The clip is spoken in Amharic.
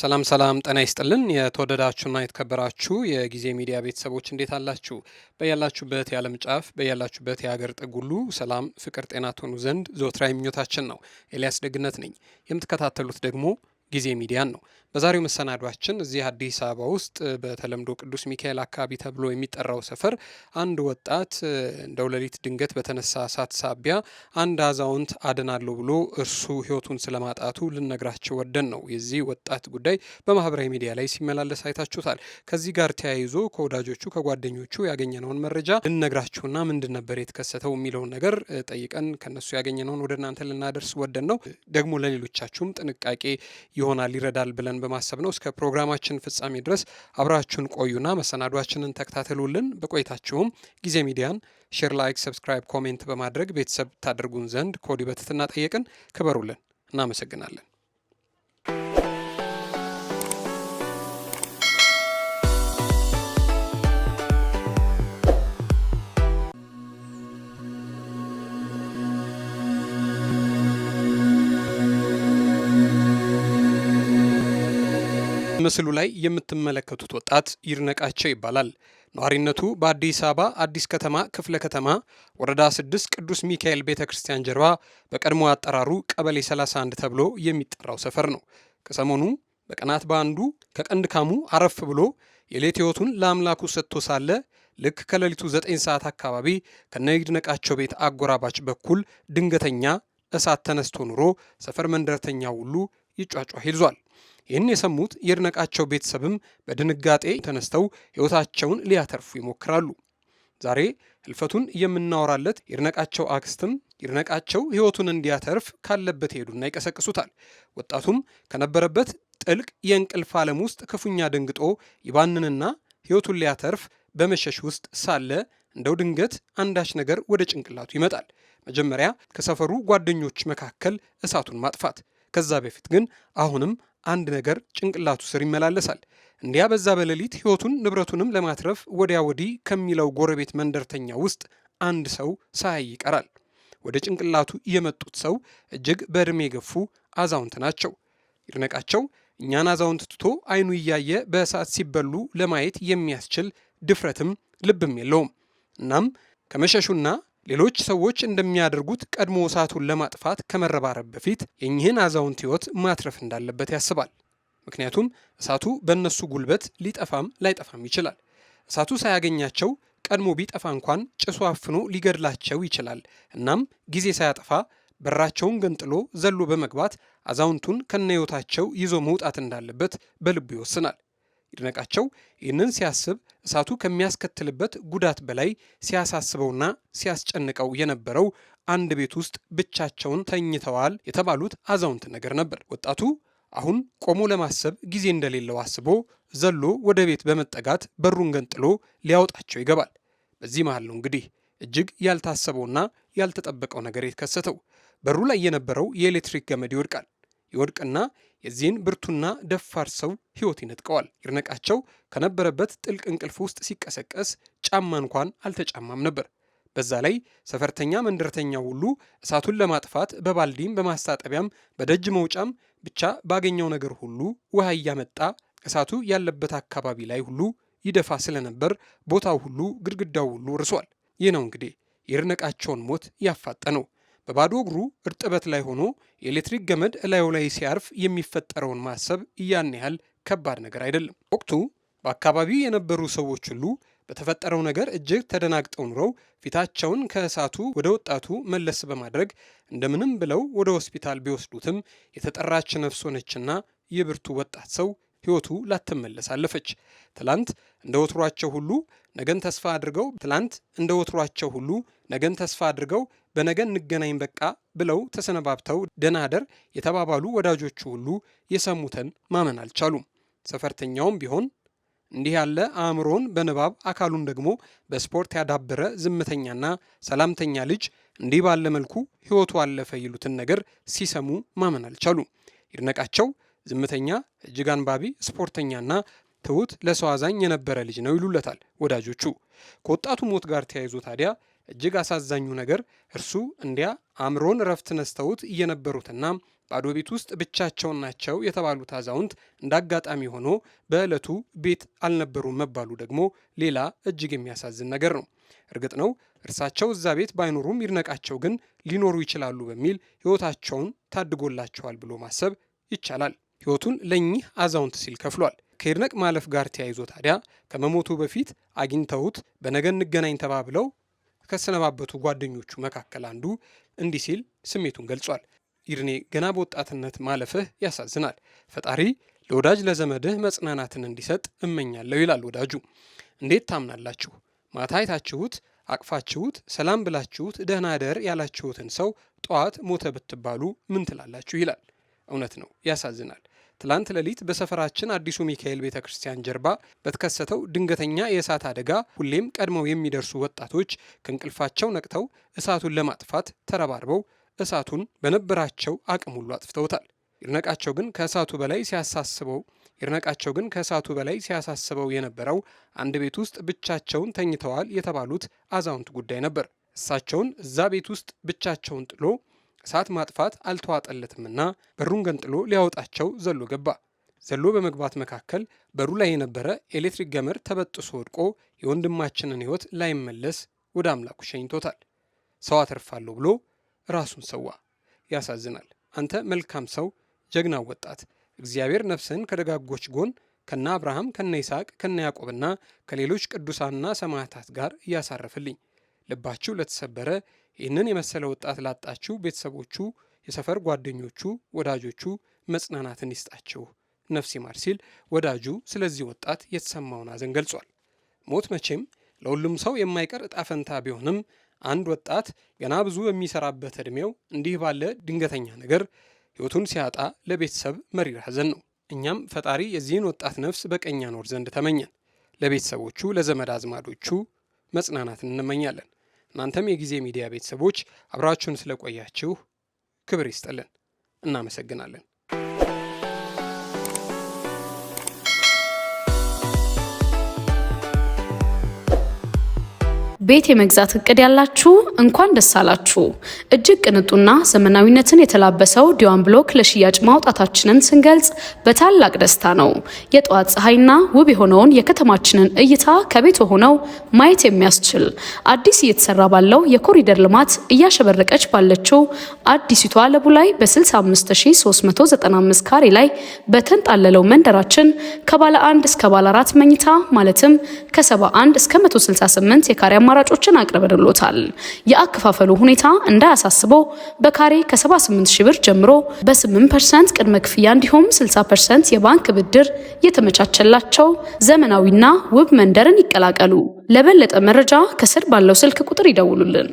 ሰላም ሰላም፣ ጤና ይስጥልን። የተወደዳችሁና የተከበራችሁ የጊዜ ሚዲያ ቤተሰቦች እንዴት አላችሁ? በያላችሁበት የዓለም ጫፍ በያላችሁበት የሀገር ጥግ ሁሉ ሰላም፣ ፍቅር፣ ጤና ትሆኑ ዘንድ ዘወትር ምኞታችን ነው። ኤልያስ ደግነት ነኝ። የምትከታተሉት ደግሞ ጊዜ ሚዲያን ነው። በዛሬው መሰናዷችን እዚህ አዲስ አበባ ውስጥ በተለምዶ ቅዱስ ሚካኤል አካባቢ ተብሎ የሚጠራው ሰፈር አንድ ወጣት እንደው ሌሊት ድንገት በተነሳ እሳት ሳቢያ አንድ አዛውንት አድናለሁ ብሎ እርሱ ህይወቱን ስለማጣቱ ልነግራቸው ወደን ነው። የዚህ ወጣት ጉዳይ በማህበራዊ ሚዲያ ላይ ሲመላለስ አይታችሁታል። ከዚህ ጋር ተያይዞ ከወዳጆቹ ከጓደኞቹ ያገኘነውን መረጃ ልነግራችሁና ምንድን ነበር የተከሰተው የሚለውን ነገር ጠይቀን ከነሱ ያገኘነውን ወደ እናንተ ልናደርስ ወደን ነው። ደግሞ ለሌሎቻችሁም ጥንቃቄ ይሆናል ይረዳል ብለን ብለን በማሰብ ነው። እስከ ፕሮግራማችን ፍጻሜ ድረስ አብራችሁን ቆዩና መሰናዷችንን ተከታተሉልን። በቆይታችሁም ጊዜ ሚዲያን ሼር፣ ላይክ፣ ሰብስክራይብ፣ ኮሜንት በማድረግ ቤተሰብ ታደርጉን ዘንድ ኮዲ በትትና ጠየቅን። ክበሩልን። እናመሰግናለን። በምስሉ ላይ የምትመለከቱት ወጣት ይድነቃቸው ይባላል። ነዋሪነቱ በአዲስ አበባ አዲስ ከተማ ክፍለ ከተማ ወረዳ 6 ቅዱስ ሚካኤል ቤተ ክርስቲያን ጀርባ በቀድሞ አጠራሩ ቀበሌ 31 ተብሎ የሚጠራው ሰፈር ነው። ከሰሞኑ በቀናት በአንዱ ከቀንድ ካሙ አረፍ ብሎ የሌት ሕይወቱን ለአምላኩ ሰጥቶ ሳለ ልክ ከሌሊቱ 9 ሰዓት አካባቢ ከነ ይድነቃቸው ቤት አጎራባች በኩል ድንገተኛ እሳት ተነስቶ ኑሮ ሰፈር መንደርተኛ ሁሉ ይጯጯህ ይዟል። ይህን የሰሙት የእድነቃቸው ቤተሰብም በድንጋጤ ተነስተው ሕይወታቸውን ሊያተርፉ ይሞክራሉ። ዛሬ ህልፈቱን የምናወራለት የእድነቃቸው አክስትም ይድነቃቸው ሕይወቱን እንዲያተርፍ ካለበት ይሄዱና ይቀሰቅሱታል። ወጣቱም ከነበረበት ጥልቅ የእንቅልፍ ዓለም ውስጥ ክፉኛ ደንግጦ ይባንንና ሕይወቱን ሊያተርፍ በመሸሽ ውስጥ ሳለ እንደው ድንገት አንዳች ነገር ወደ ጭንቅላቱ ይመጣል። መጀመሪያ ከሰፈሩ ጓደኞች መካከል እሳቱን ማጥፋት ከዛ በፊት ግን አሁንም አንድ ነገር ጭንቅላቱ ስር ይመላለሳል። እንዲያ በዛ በሌሊት ሕይወቱን ንብረቱንም ለማትረፍ ወዲያ ወዲህ ከሚለው ጎረቤት መንደርተኛ ውስጥ አንድ ሰው ሳያይ ይቀራል። ወደ ጭንቅላቱ የመጡት ሰው እጅግ በእድሜ የገፉ አዛውንት ናቸው። ይድነቃቸው እኛን አዛውንት ትቶ አይኑ እያየ በእሳት ሲበሉ ለማየት የሚያስችል ድፍረትም ልብም የለውም። እናም ከመሸሹና ሌሎች ሰዎች እንደሚያደርጉት ቀድሞ እሳቱን ለማጥፋት ከመረባረብ በፊት የእኚህን አዛውንት ሕይወት ማትረፍ እንዳለበት ያስባል። ምክንያቱም እሳቱ በእነሱ ጉልበት ሊጠፋም ላይጠፋም ይችላል። እሳቱ ሳያገኛቸው ቀድሞ ቢጠፋ እንኳን ጭሱ አፍኖ ሊገድላቸው ይችላል። እናም ጊዜ ሳያጠፋ በራቸውን ገንጥሎ ዘሎ በመግባት አዛውንቱን ከነ ህይወታቸው ይዞ መውጣት እንዳለበት በልቡ ይወስናል። ይድነቃቸው ይህንን ሲያስብ እሳቱ ከሚያስከትልበት ጉዳት በላይ ሲያሳስበውና ሲያስጨንቀው የነበረው አንድ ቤት ውስጥ ብቻቸውን ተኝተዋል የተባሉት አዛውንት ነገር ነበር። ወጣቱ አሁን ቆሞ ለማሰብ ጊዜ እንደሌለው አስቦ ዘሎ ወደ ቤት በመጠጋት በሩን ገንጥሎ ሊያወጣቸው ይገባል። በዚህ መሃል ነው እንግዲህ እጅግ ያልታሰበውና ያልተጠበቀው ነገር የተከሰተው። በሩ ላይ የነበረው የኤሌክትሪክ ገመድ ይወድቃል። ይወድቅና የዚህን ብርቱና ደፋር ሰው ሕይወት ይነጥቀዋል። ይርነቃቸው ከነበረበት ጥልቅ እንቅልፍ ውስጥ ሲቀሰቀስ ጫማ እንኳን አልተጫማም ነበር። በዛ ላይ ሰፈርተኛ መንደርተኛ ሁሉ እሳቱን ለማጥፋት በባልዲም በማስታጠቢያም በደጅ መውጫም ብቻ ባገኘው ነገር ሁሉ ውሃ እያመጣ እሳቱ ያለበት አካባቢ ላይ ሁሉ ይደፋ ስለነበር ቦታው ሁሉ ግድግዳው ሁሉ እርሷል። ይህ ነው እንግዲህ ይድነቃቸውን ሞት ያፋጠነው። በባዶ እግሩ እርጥበት ላይ ሆኖ የኤሌክትሪክ ገመድ እላዩ ላይ ሲያርፍ የሚፈጠረውን ማሰብ ያን ያህል ከባድ ነገር አይደለም። ወቅቱ በአካባቢው የነበሩ ሰዎች ሁሉ በተፈጠረው ነገር እጅግ ተደናግጠው ኑረው ፊታቸውን ከእሳቱ ወደ ወጣቱ መለስ በማድረግ እንደምንም ብለው ወደ ሆስፒታል ቢወስዱትም የተጠራች ነፍስ ሆነችና የብርቱ ወጣት ሰው ሕይወቱ ላትመለስ አለፈች። ትላንት እንደ ወትሯቸው ሁሉ ነገን ተስፋ አድርገው ትላንት እንደ ወትሯቸው ሁሉ ነገን ተስፋ አድርገው በነገ እንገናኝ በቃ ብለው ተሰነባብተው ደናደር የተባባሉ ወዳጆቹ ሁሉ የሰሙትን ማመን አልቻሉም። ሰፈርተኛውም ቢሆን እንዲህ ያለ አእምሮን በንባብ አካሉን ደግሞ በስፖርት ያዳበረ ዝምተኛና ሰላምተኛ ልጅ እንዲህ ባለ መልኩ ሕይወቱ አለፈ ይሉትን ነገር ሲሰሙ ማመን አልቻሉም። ይድነቃቸው ዝምተኛ፣ እጅግ አንባቢ፣ ስፖርተኛና ትሁት ለሰው አዛኝ የነበረ ልጅ ነው ይሉለታል ወዳጆቹ። ከወጣቱ ሞት ጋር ተያይዞ ታዲያ እጅግ አሳዛኙ ነገር እርሱ እንዲያ አእምሮን እረፍት ነስተውት እየነበሩትና ባዶ ቤት ውስጥ ብቻቸውን ናቸው የተባሉት አዛውንት እንደ አጋጣሚ ሆኖ በዕለቱ ቤት አልነበሩም መባሉ ደግሞ ሌላ እጅግ የሚያሳዝን ነገር ነው። እርግጥ ነው እርሳቸው እዛ ቤት ባይኖሩም ይድነቃቸው ግን ሊኖሩ ይችላሉ በሚል ሕይወታቸውን ታድጎላቸዋል ብሎ ማሰብ ይቻላል። ሕይወቱን ለእኚህ አዛውንት ሲል ከፍሏል። ከይድነቅ ማለፍ ጋር ተያይዞ ታዲያ ከመሞቱ በፊት አግኝተውት በነገ እንገናኝ ተባብለው ከሰነባበቱ ጓደኞቹ መካከል አንዱ እንዲህ ሲል ስሜቱን ገልጿል። ይርኔ ገና በወጣትነት ማለፍህ ያሳዝናል። ፈጣሪ ለወዳጅ ለዘመድህ መጽናናትን እንዲሰጥ እመኛለሁ ይላል ወዳጁ። እንዴት ታምናላችሁ? ማታ አይታችሁት አቅፋችሁት ሰላም ብላችሁት ደህና ደር ያላችሁትን ሰው ጠዋት ሞተ ብትባሉ ምን ትላላችሁ? ይላል። እውነት ነው፣ ያሳዝናል። ትላንት ሌሊት በሰፈራችን አዲሱ ሚካኤል ቤተ ክርስቲያን ጀርባ በተከሰተው ድንገተኛ የእሳት አደጋ ሁሌም ቀድመው የሚደርሱ ወጣቶች ከእንቅልፋቸው ነቅተው እሳቱን ለማጥፋት ተረባርበው እሳቱን በነበራቸው አቅም ሁሉ አጥፍተውታል። ይርነቃቸው ግን ከእሳቱ በላይ ሲያሳስበው ይርነቃቸው ግን ከእሳቱ በላይ ሲያሳስበው የነበረው አንድ ቤት ውስጥ ብቻቸውን ተኝተዋል የተባሉት አዛውንት ጉዳይ ነበር። እሳቸውን እዛ ቤት ውስጥ ብቻቸውን ጥሎ እሳት ማጥፋት አልተዋጠለትምና በሩን ገንጥሎ ሊያወጣቸው ዘሎ ገባ። ዘሎ በመግባት መካከል በሩ ላይ የነበረ ኤሌክትሪክ ገመድ ተበጥሶ ወድቆ የወንድማችንን ሕይወት ላይመለስ ወደ አምላኩ ሸኝቶታል። ሰው አተርፋለሁ ብሎ ራሱን ሰዋ። ያሳዝናል። አንተ መልካም ሰው፣ ጀግና ወጣት፣ እግዚአብሔር ነፍስህን ከደጋጎች ጎን ከነ አብርሃም ከነ ይስሐቅ ከነ ያዕቆብና ከሌሎች ቅዱሳንና ሰማዕታት ጋር እያሳረፈልኝ ልባችሁ ለተሰበረ ይህንን የመሰለ ወጣት ላጣችሁ ቤተሰቦቹ፣ የሰፈር ጓደኞቹ፣ ወዳጆቹ መጽናናትን ይስጣችሁ ነፍስ ይማር ሲል ወዳጁ ስለዚህ ወጣት የተሰማውን ሐዘን ገልጿል። ሞት መቼም ለሁሉም ሰው የማይቀር እጣ ፈንታ ቢሆንም አንድ ወጣት ገና ብዙ በሚሰራበት ዕድሜው እንዲህ ባለ ድንገተኛ ነገር ሕይወቱን ሲያጣ ለቤተሰብ መሪር ሐዘን ነው። እኛም ፈጣሪ የዚህን ወጣት ነፍስ በቀኛ ኖር ዘንድ ተመኘን። ለቤተሰቦቹ፣ ለዘመድ አዝማዶቹ መጽናናትን እንመኛለን። እናንተም የጊዜ ሚዲያ ቤተሰቦች አብራችሁን ስለቆያችሁ ክብር ይስጥልን፣ እናመሰግናለን። ቤት የመግዛት እቅድ ያላችሁ እንኳን ደስ አላችሁ። እጅግ ቅንጡና ዘመናዊነትን የተላበሰው ዲዋን ብሎክ ለሽያጭ ማውጣታችንን ስንገልጽ በታላቅ ደስታ ነው። የጠዋት ፀሐይና ውብ የሆነውን የከተማችንን እይታ ከቤት ሆነው ማየት የሚያስችል አዲስ እየተሰራ ባለው የኮሪደር ልማት እያሸበረቀች ባለችው አዲሲቷ ለቡ ላይ በ65395 ካሬ ላይ በተንጣለለው መንደራችን ከባለ አንድ እስከ ባለ አራት መኝታ ማለትም ከ71 እስከ 168 የካሬ አማራ አማራጮችን አቅርበንሎታል። የአከፋፈሉ ሁኔታ እንዳያሳስበው በካሬ ከ78 ሺ ብር ጀምሮ በ8 ፐርሰንት ቅድመ ክፍያ እንዲሁም 60 ፐርሰንት የባንክ ብድር የተመቻቸላቸው ዘመናዊና ውብ መንደርን ይቀላቀሉ። ለበለጠ መረጃ ከስር ባለው ስልክ ቁጥር ይደውሉልን።